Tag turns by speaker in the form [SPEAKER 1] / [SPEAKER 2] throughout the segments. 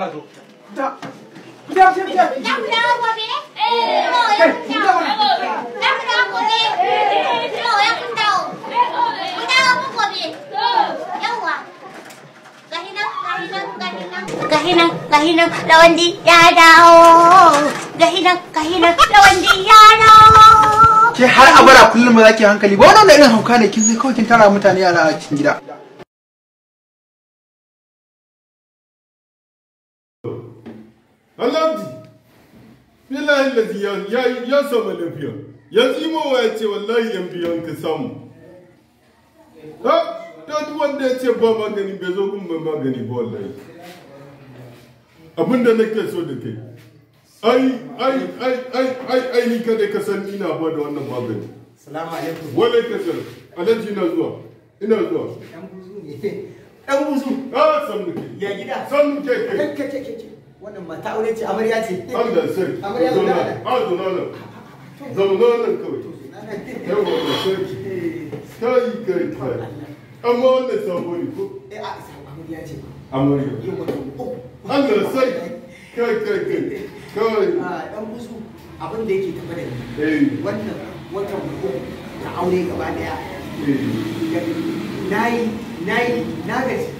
[SPEAKER 1] Allah zo fita fita ya dawo ya dawo ke har abara kullum ba za ki hankali ba wannan irin hauka ne kin sai kawai kin tara mutane yara a cikin gida Alhamdi, billahi lazi ya ya samu lafiya. Ya tsimowa ya ce wallahi yan biyan ka samu. Ha? Ta duk wanda ya ce ba magani bai zo gun ba magani ba wallahi. Abin da nake so da kai. Ai, ai, ai, ai, ai, ai, ni kada ka san ina ba da wannan magani. Salamu alaikum. Wa alaikum Alhaji ina zuwa. Ina zuwa. Ɗan buzu ne. Ɗan buzu. Ah, san muke. Ya gida. San muke. Kai kai kai wannan mata aure ce amarya ce Allah sarki amarya zauna a zauna nan zauna nan kawai yawa da sarki eh. kai kai kai amma wannan sabo ne ko eh a amarya ce amarya oh, oh. Allah sarki kai kai kai kai a ah, dan buzu abin da yake tafa da ni eh. wannan watan uku ta aure gaba daya eh. na yi na gaji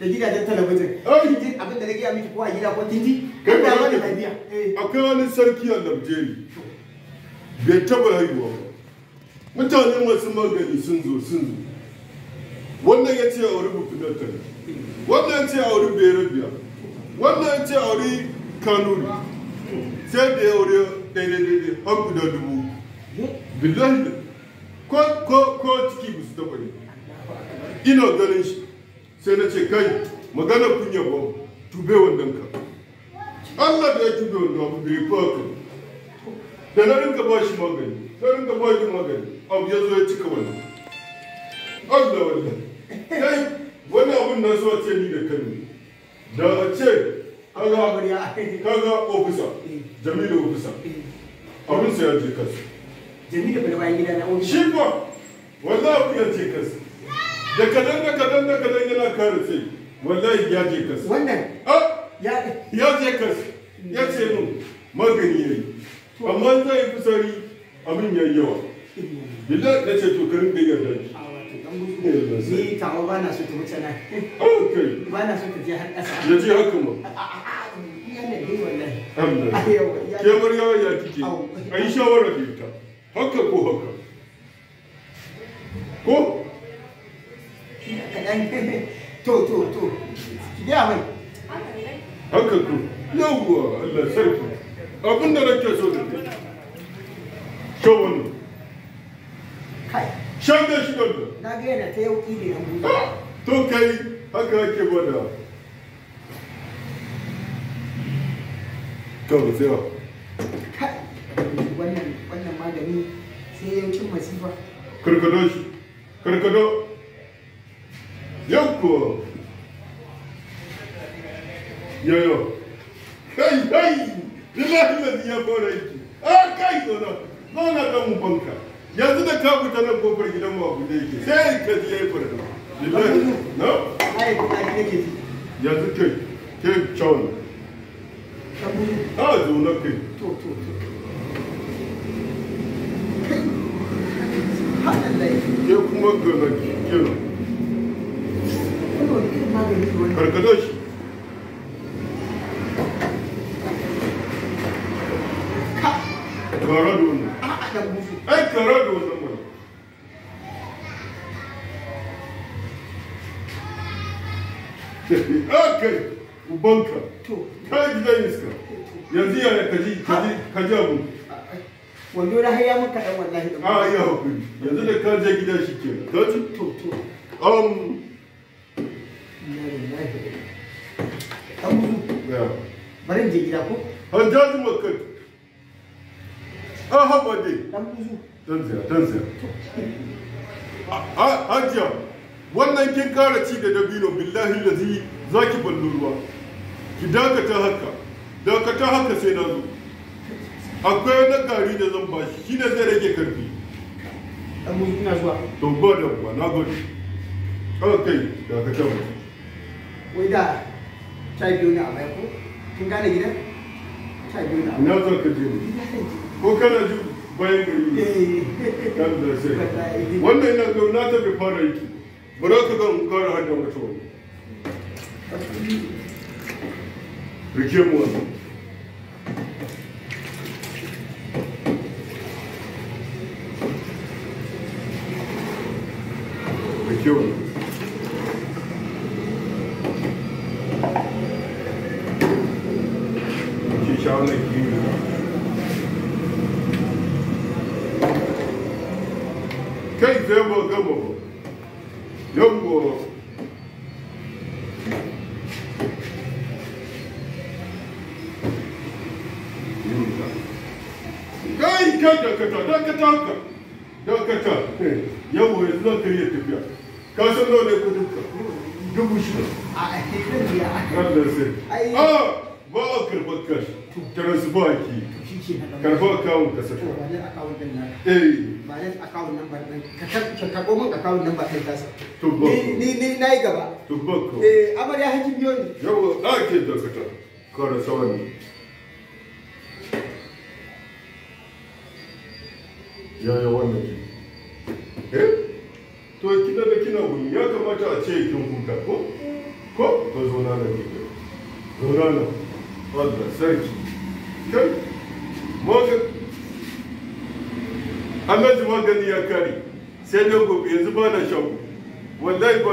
[SPEAKER 1] da gidajen talabijin kin abin da nake miki ko a gida ko kin ji kan da wani lafiya eh. akwai wani sarki a Najeriya bai taba haihuwa ba mutanen wasu magani sun zo sun zo wannan ya ce a wuri bukudatar wannan ya ce a wuri berabiya wannan ya ce a wuri kanuri sai da ya wuri ɗaiɗaiɗaiɗai har guda dubu billahi ko ciki ba su taɓa ne ina ganin shi sai na ce kai magana kunya ba tube wannan ka Allah da ya tube wannan abu da ya ka da na rinka ba shi magani na rinka ba shi magani abu ya zo ya cika wannan Allah wannan kai wani abun na so ce ni da kanu da a ce kaga ofisa jamilu ofisa abin sai ya je kasu jamilu bai bayan gida na ofisa shi ba wallahi abu ya je kasu da kadan da kadan da kadan yana kare sai wallahi ya je kasu wannan ah! ya je kasu ya ce min magani ne amma zai fi sari abin yayi yawa billah da ce to karin da yarda ni tawo ba na so ta wuce nan ba na so ta je har ƙasa ya je haka ma ke maryawa ya kike an shawara da ita haka ko haka ko dan to to to ki haka to yawwa Allah sarki abin da nake so da kai shan wannan shan da shi na ga yana ta ah, to kai haka ake gwada to sai ba wannan wannan magani sai masifa karkado shi karkado cool. Yo, yo. Kai, kai! Billahi da ya fara yake. Ah, kai zo na. na banka. da ka fita nan kofar gidan mu abu da yake. Sai ka ji yayi fara. Billahi. No? Ai, kai. Kai Ah, zo na kai. kuma gana gwargwado karo ubanka kai gidan iska yanzu ya kaji kaji kaji abu wando da haya maka dan wallahi a ya yanzu da ka je gidan shi kenan to to um dan an wannan kin kara ci da dabino billahi lazi za ki ruwa ki dakata haka dakata haka sai na zo akwai gari da zan bashi shi zai rage karfi dan ba da na gode kawai kai wai da sha biyu ne a na zo ka je ko kana ji bayan gari kan da sai wannan ina zo na tafi fara yi bara ka mu Keyfe mo gamo. Yongo. Kai ka da ka da ka ta ka. Da ka ta. Yawo ah, ya zo ka ba a karɓar cash transfer ki karɓa akawun ka saka eh. number din ka karɓo to ba ni ni nayi gaba to ba ko eh amarya ake dakata kare sawani yaya wannan ki eh to kina ya kamata ce ko ko Allah sarki kai magan Allah ji magani ya sai dai gobe yanzu ba na shan wallahi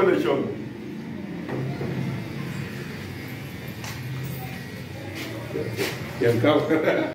[SPEAKER 1] ba na